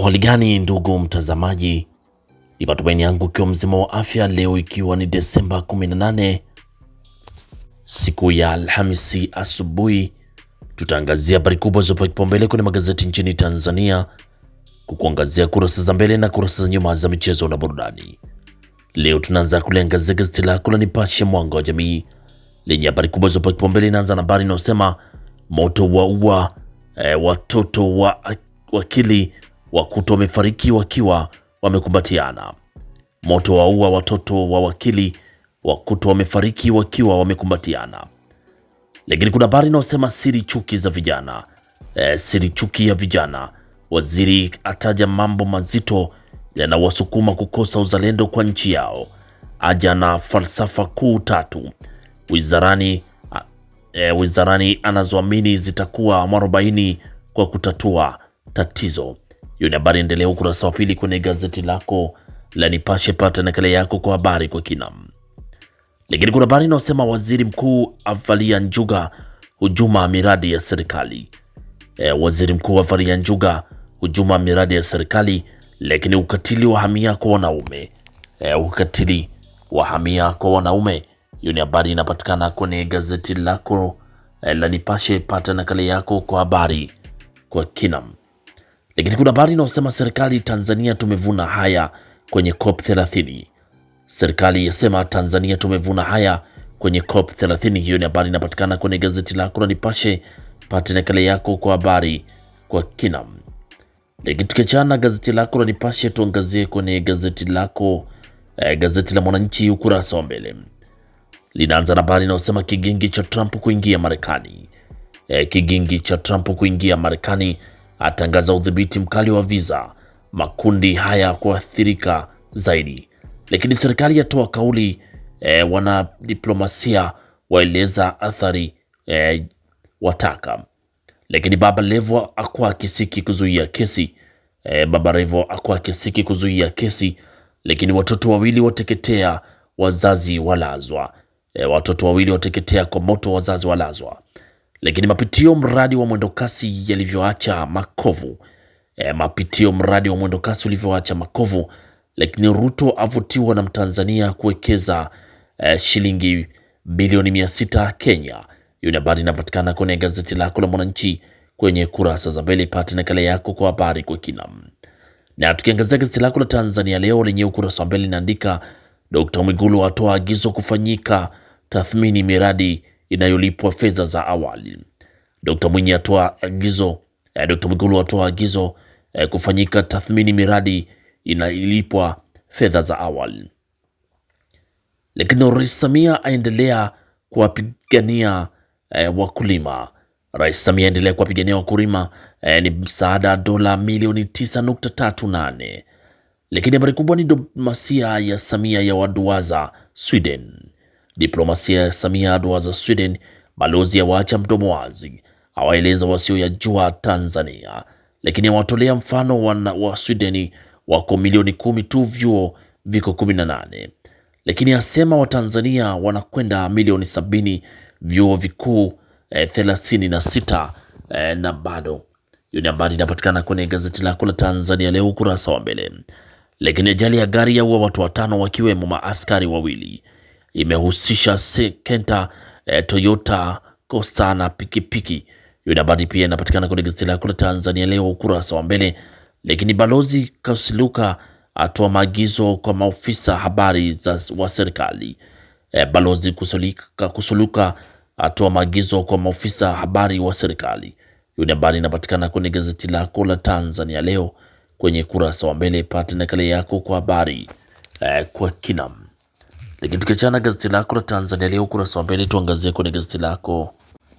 Hali gani ndugu mtazamaji, ni matumaini yangu ikiwa mzima wa afya leo, ikiwa ni Desemba 18 siku ya Alhamisi asubuhi, tutaangazia habari kubwa zilizopewa kipaumbele kwenye magazeti nchini Tanzania, kukuangazia kurasa za mbele na kurasa za nyuma za michezo na burudani. Leo tunaanza kuliangazia gazeti lako la Nipashe Mwanga wa Jamii lenye habari kubwa zilizopewa kipaumbele. Inaanza na habari inayosema moto waua e, eh, watoto wa wakili wakuta wamefariki wakiwa wamekumbatiana. Moto waua watoto wa wakili, wakuta wamefariki wakiwa wamekumbatiana. Lakini kuna habari inayosema siri chuki za vijana e, siri chuki ya vijana. Waziri ataja mambo mazito yanawasukuma kukosa uzalendo kwa nchi yao, aja na falsafa kuu tatu wizarani, e, wizarani anazoamini zitakuwa mwarobaini kwa kutatua tatizo. Hiyo ni habari endelea ukurasa wa pili kwenye gazeti lako la Nipashe, pata nakala yako kwa habari kwa kina. Lakini kuna habari inayosema waziri mkuu avalia njuga hujuma miradi ya serikali. E, waziri mkuu avalia njuga hujuma miradi ya serikali. Lakini ukatili wa hamia kwa wanaume e, ukatili wa hamia kwa wanaume. Hiyo ni habari inapatikana kwenye gazeti lako e, la Nipashe, pata nakala yako kwa habari kwa kinam. Lakini kuna habari inayosema serikali Tanzania tumevuna haya kwenye COP 30. Serikali yasema Tanzania tumevuna haya kwenye COP 30. Hiyo ni habari inapatikana kwenye gazeti lako la Nipashe, pate nakala yako kwa habari kwa kina. Lakini tukiachana gazeti lako la Nipashe, tuangazie kwenye gazeti lako eh, gazeti la Mwananchi ukurasa wa mbele linaanza na habari inayosema kigingi cha Trump kuingia Marekani. Eh, kigingi cha Trump kuingia Marekani atangaza udhibiti mkali wa visa, makundi haya kuathirika zaidi. Lakini serikali yatoa kauli e, wanadiplomasia waeleza athari e, wataka. Lakini Baba Levo akwa kisiki kuzuia kesi e, Baba Levo akwa kisiki kuzuia kesi. Lakini watoto wawili wateketea, wazazi walazwa. E, watoto wawili wateketea kwa moto, wazazi walazwa. Lakini mapitio mradi wa mwendokasi yalivyoacha makovu e, mapitio mradi wa mwendokasi ulivyoacha makovu. Lakini Ruto avutiwa na Mtanzania kuwekeza e, shilingi bilioni mia sita Kenya. Hiyo ni habari inapatikana kwenye gazeti lako la Mwananchi kwenye kurasa za mbele. Pata nakala yako kwa habari kwa kina. Na tukiangazia gazeti lako la Tanzania leo lenye ukurasa wa mbele linaandika Dr. Mwigulu atoa agizo kufanyika tathmini miradi inayolipwa fedha za awali. Dkt. Mwinyi atoa agizo, eh, Dkt. Mwigulu atoa agizo eh, kufanyika tathmini miradi inayolipwa fedha za awali. Lakini Rais Samia aendelea kuwapigania eh, wakulima. Rais Samia aendelea kuwapigania wakulima eh, ni msaada dola milioni 9.38. Lakini habari kubwa ni diplomasia ya Samia ya waduaza Sweden. Diplomasia ya Samia adwa za Sweden, balozi awaacha mdomo wazi, awaeleza wasioyajua Tanzania, lakini awatolea mfano wana wa Sweden wako milioni kumi tu, vyuo viko 18, lakini asema Watanzania wanakwenda milioni sabini, vyuo vikuu e, thelathini na sita e, na bado hiyo ni habari inapatikana kwenye gazeti lako la Tanzania leo ukurasa wa mbele. Lakini ajali ya gari yaua watu watano wakiwemo maaskari wawili imehusisha Kenta eh, Toyota Costa na pikipiki. Hiyo habari pia inapatikana kwenye gazeti lako la Tanzania Leo ukurasa wa mbele. Lakini Balozi Kasiluka atoa maagizo kwa maofisa habari za wa serikali. E, Balozi Kusulika, Kusuluka atoa maagizo kwa maofisa habari wa serikali. Hiyo habari inapatikana kwenye gazeti lako la Tanzania Leo kwenye kurasa wa mbele. Pata nakala yako kwa habari e, kwa kinam lakini tukiachana gazeti lako la Tanzania Leo ukurasa wa mbele, tuangazie kwenye gazeti lako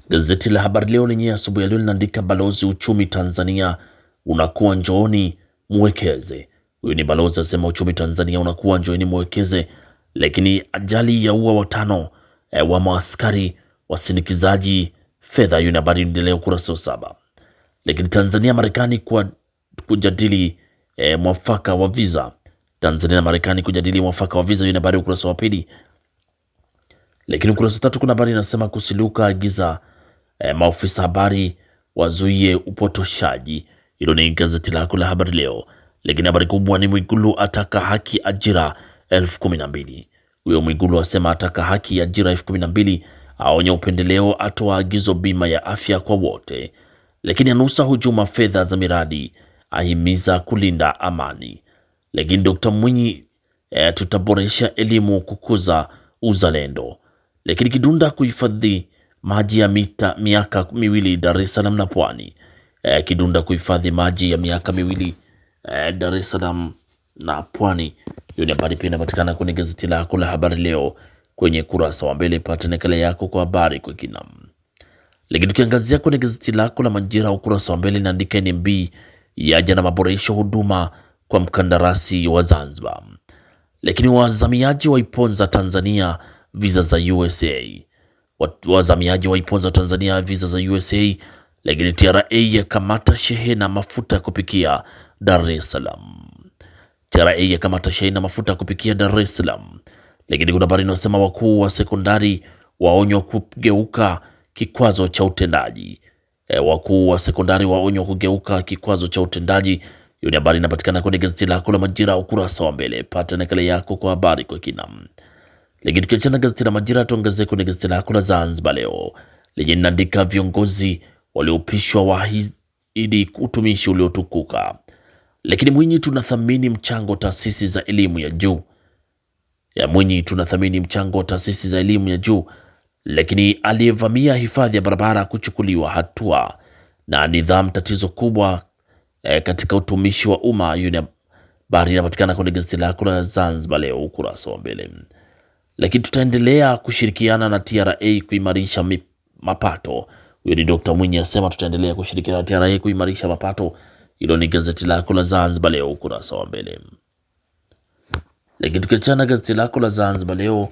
gazeti la Habari Leo lenyewe asubuhi ya leo linaandika balozi uchumi Tanzania unakuwa, njooni muwekeze. Huyu ni balozi asema uchumi Tanzania unakuwa, njooni muwekeze. Lakini ajali ya ua watano e, wa maaskari wasindikizaji fedha. Hiyo ni habari inaendelea ukurasa wa saba. Lakini Tanzania Marekani kwa kujadili e, mwafaka wa visa Tanzania na Marekani kujadili mwafaka wa visa. Hiyo ni habari ukurasa wa pili, lakini ukurasa tatu kuna habari inasema kusiluka agiza eh, maofisa habari wazuie upotoshaji. Hilo ni gazeti lako la habari leo, lakini habari kubwa ni Mwigulu ataka haki ajira elfu kumi na mbili. Huyo Mwigulu asema ataka haki ya ajira elfu kumi na mbili, aonya upendeleo, atoa agizo bima ya afya kwa wote, lakini anusa hujuma fedha za miradi, ahimiza kulinda amani. Lakini Dkt Mwinyi e, tutaboresha elimu, kukuza uzalendo. Lakini Kidunda kuhifadhi maji ya mita miaka miwili Dar es Salaam na Pwani. E, Kidunda kuhifadhi maji ya miaka miwili e, Dar es Salaam na Pwani. Hiyo ni habari pia inapatikana kwenye gazeti lako la Habari Leo kwenye kurasa wa mbele. Pata nakala yako kwa habari kwa kina. Lakini tukiangazia kwenye gazeti lako la Majira ukurasa wa mbele inaandika NMB yaja na maboresho huduma kwa mkandarasi wa Zanzibar, lakini wazamiaji waiponza Tanzania visa za USA. Wazamiaji waiponza Tanzania visa za USA, lakini TRA yakamata shehena mafuta ya kupikia Dar es Salaam. TRA yakamata shehena mafuta ya kupikia Dar es Salaam, lakini kuna habari inayosema wakuu wa sekondari waonywa kugeuka kikwazo cha utendaji. E, wakuu wa sekondari waonywa kugeuka kikwazo cha utendaji. Hiyo ni habari inapatikana kwenye gazeti lako la Majira ukurasa wa mbele, pata nakala yako kwa habari kwa kina. Lakini tukiachana gazeti la Majira, tuangazie kwenye gazeti lako la Zanzibar Leo lenye linaandika viongozi waliopishwa waahidi utumishi uliotukuka. Lakini Mwinyi, tunathamini mchango taasisi za elimu ya juu ya Mwinyi, tunathamini mchango wa taasisi za elimu ya juu. Lakini aliyevamia hifadhi ya barabara kuchukuliwa hatua, na nidhamu tatizo kubwa e, katika utumishi wa umma yule habari inapatikana kwenye gazeti lako la Zanzibar leo ukurasa wa mbele. Lakini tutaendelea kushirikiana na TRA kuimarisha mapato. Huyo ni Dr. Mwinyi asema tutaendelea kushirikiana na TRA kuimarisha mapato. Hilo ni gazeti lako la Zanzibar leo ukurasa wa mbele. Lakini tukiachana gazeti lako la Zanzibar leo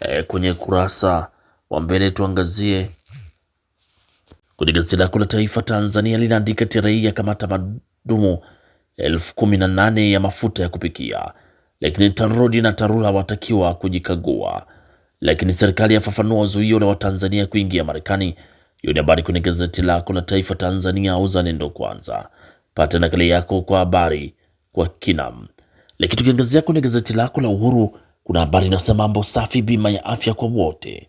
e, kwenye kurasa wa mbele tuangazie Kwenye gazeti lako la Taifa Tanzania linaandika TRA kamata madumu elfu kumi na nane ya mafuta ya kupikia, lakini TANROADS na TARURA watakiwa kujikagua, lakini serikali yafafanua zuio la Watanzania kuingia Marekani. Hiyo ni habari kwenye gazeti lako la Taifa Tanzania au Uzalendo Kwanza. Pata nakali yako kwa habari kwa kinam. Lakini tukiangazia kwenye gazeti lako la Uhuru kuna habari inasema mambo safi, bima ya afya kwa wote.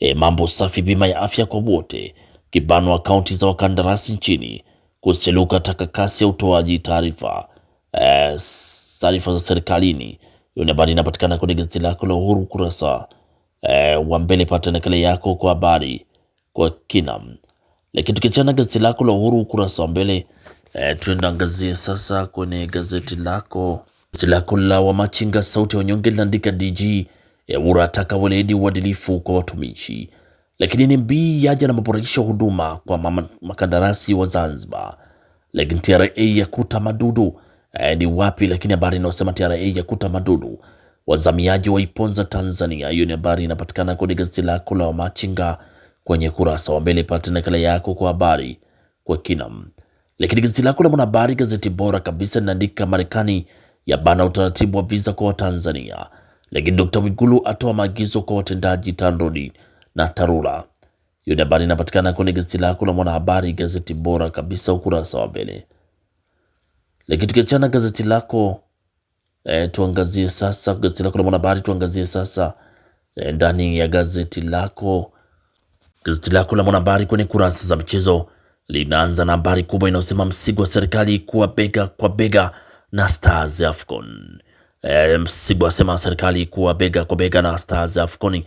E, mambo safi, bima ya afya kwa wote kibano akaunti za wakandarasi nchini, kuseluka kasi ya utoaji taarifa e, taarifa za serikalini. Hiyo ni habari inapatikana kwenye gazeti lako la Uhuru kurasa e, eh, wa mbele. Pata nakala yako kwa habari kwa kina. Lakini tukichana gazeti lako la Uhuru ukurasa wa mbele e, eh, tuenda angazie sasa kwenye gazeti lako gazeti lako la Wamachinga sauti ya wanyonge linaandika DG e, Wura ataka weledi uadilifu kwa watumishi lakini NMB yaja na maboresho huduma kwa mama, makandarasi wa Zanzibar. Lakini TRA yakuta madudu eh, ni wapi? Lakini habari inayosema TRA yakuta madudu wazamiaji wa Iponza Tanzania. Hiyo ni habari inapatikana kwenye gazeti lako la Wamachinga kwenye kurasa wa mbele. Pata nakala yako kwa habari kwa kinam. Lakini gazeti lako la Mwanahabari, gazeti bora kabisa, linaandika Marekani ya bana utaratibu wa visa kwa Watanzania. Lakini Dr. Mwigulu atoa maagizo kwa watendaji TANROADS na TARURA. Hiyo ni habari inapatikana kwenye gazeti lako la Mwanahabari, gazeti bora kabisa, ukurasa wa mbele. Lakini tukiachana gazeti lako e, tuangazie sasa gazeti lako la Mwanahabari, tuangazie sasa eh, ndani ya gazeti lako gazeti lako la Mwanahabari kwenye kurasa za michezo linaanza na habari kubwa inayosema msigo wa serikali kuwa bega kwa bega na Stars AFCON. E, eh, Msigwa asema serikali kuwa bega kwa bega na Stars AFCON.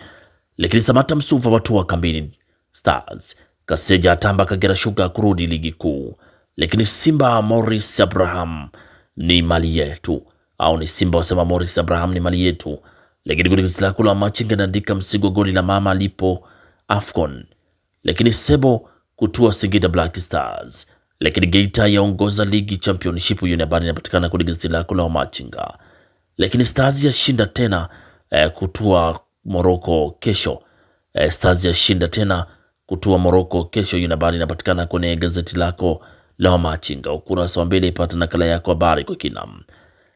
Lakini Samata Msuva watua kambini Stars. Kaseja atamba Kagera Sugar kurudi ligi kuu. Lakini Simba Morris Abraham ni mali yetu, au ni Simba wasema Morris Abraham ni mali yetu. Lakini kwenye gazeti lako la Machinga naandika msigo goli la mama lipo Afcon. Lakini Sebo kutua Singida Black Stars. Lakini Geita yaongoza ligi championship. Hiyo ni habari inapatikana kwenye gazeti lako la Machinga. Lakini Stars yashinda tena eh, kutua Moroko kesho. E, Stars yashinda tena kutua Moroko kesho. Hiyo habari inapatikana kwenye gazeti lako la Wamachinga ukurasa wa mbele, ipata nakala yako habari kwa kina.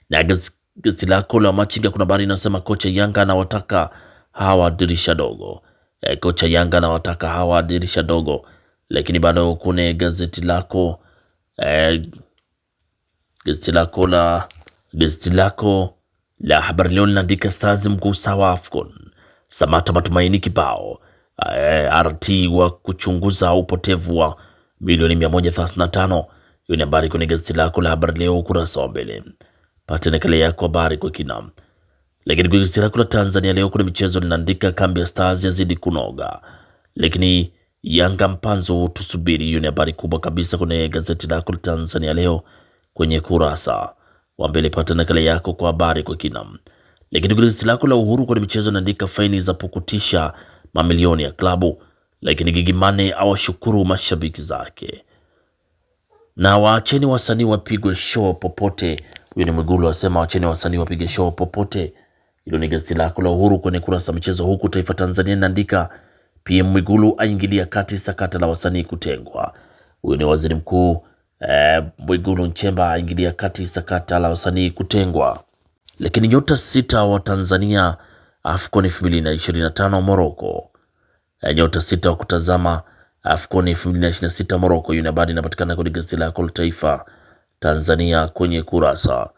Na gazeti lako la Wamachinga kuna habari inasema kocha Yanga anawataka hawa dirisha dogo. E, kocha Yanga anawataka hawa dirisha dogo, lakini bado kuna gazeti lako e, gazeti lako la gazeti lako la habari leo linaandika Stars mkuu sawa Afcon Samata Matumaini Kibao, eh, RT wa kuchunguza upotevu wa bilioni 135. Hiyo ni habari kwenye gazeti lako la habari leo ukurasa wa mbele, pata nakala yako habari kwa kina. Lakini kwenye gazeti lako la Tanzania leo kuna michezo linaandika kambi ya Stars yazidi kunoga, lakini Yanga mpanzo tusubiri. Hiyo ni habari kubwa kabisa kwenye gazeti lako la Tanzania leo kwenye kurasa wa mbele, pata nakala yako kwa habari kwa kina. Lakini gazeti lako la Uhuru kwenye michezo naandika faini za pukutisha mamilioni ya klabu, lakini Gigimane awashukuru mashabiki zake na waacheni wasanii wapigwe show popote. Huyo ni Mwigulu asema waacheni wasanii wapige show popote. Hilo ni gazeti lako la Uhuru kwenye kurasa michezo, huku Taifa Tanzania inaandika PM Mwigulu aingilia kati sakata la wasanii kutengwa. Huyo ni waziri mkuu eh, Mwigulu Nchemba aingilia kati sakata la wasanii kutengwa. Lakini nyota sita wa Tanzania AFCON 2025 Morocco. Eh, nyota sita wa kutazama AFCON 2026 Morocco. Hiyo habari inapatikana kwenye gazeti lako la Taifa Tanzania kwenye kurasa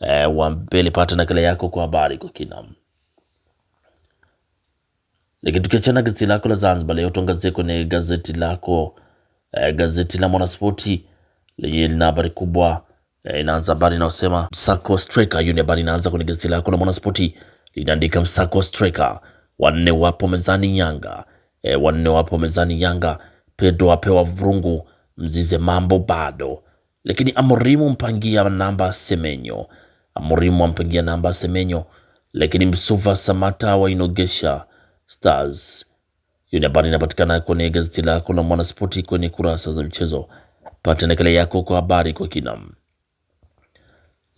e, wa mbele. Pata nakala yako kwa habari kwa kina. Lakini tukiachana gazeti lako la Zanzibar leo, tuangazie kwenye gazeti lako e, gazeti la Mwanaspoti lenye lina habari kubwa Eh, inaanza habari inayosema msako striker. Hiyo ni habari inaanza kwenye gazeti lako la Mwanaspoti, linaandika msako striker, wanne wapo mezani Yanga. E, wanne wapo mezani Yanga. Pedro apewa vurungu, mzize mambo bado, lakini Amorimu mpangia namba Semenyo. Amorimu ampangia namba Semenyo, lakini Msuva Samata wainogesha Stars. Hiyo ni habari inapatikana kwenye gazeti lako la Mwanaspoti kwenye kurasa za michezo. Pata nakala yako kwa habari kwa kinam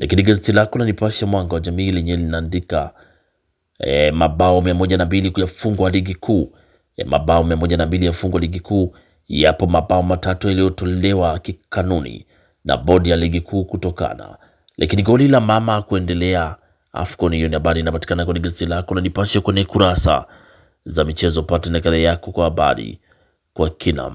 lakini gazeti lako la Nipashe Mwanga wa Jamii lenye linaandika e, mabao 102 kuyafungwa ligi kuu e, mabao 102 moja na yafungwa ligi kuu. Yapo mabao matatu yaliyotolewa kikanuni na bodi ya ligi kuu kutokana. Lakini goli la mama kuendelea AFCON. Hiyo ni habari inapatikana kwenye gazeti lako la Nipashe kwenye kurasa za michezo. Pata nakala yako kwa habari kwa kina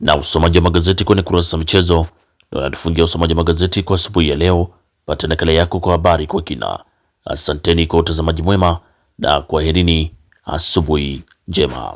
na usomaji wa magazeti kwenye kurasa za michezo, ndio natufungia usomaji wa magazeti kwa asubuhi ya leo pata nakala yako kwa habari kwa kina. Asanteni kwa utazamaji mwema na kwaherini, asubuhi njema.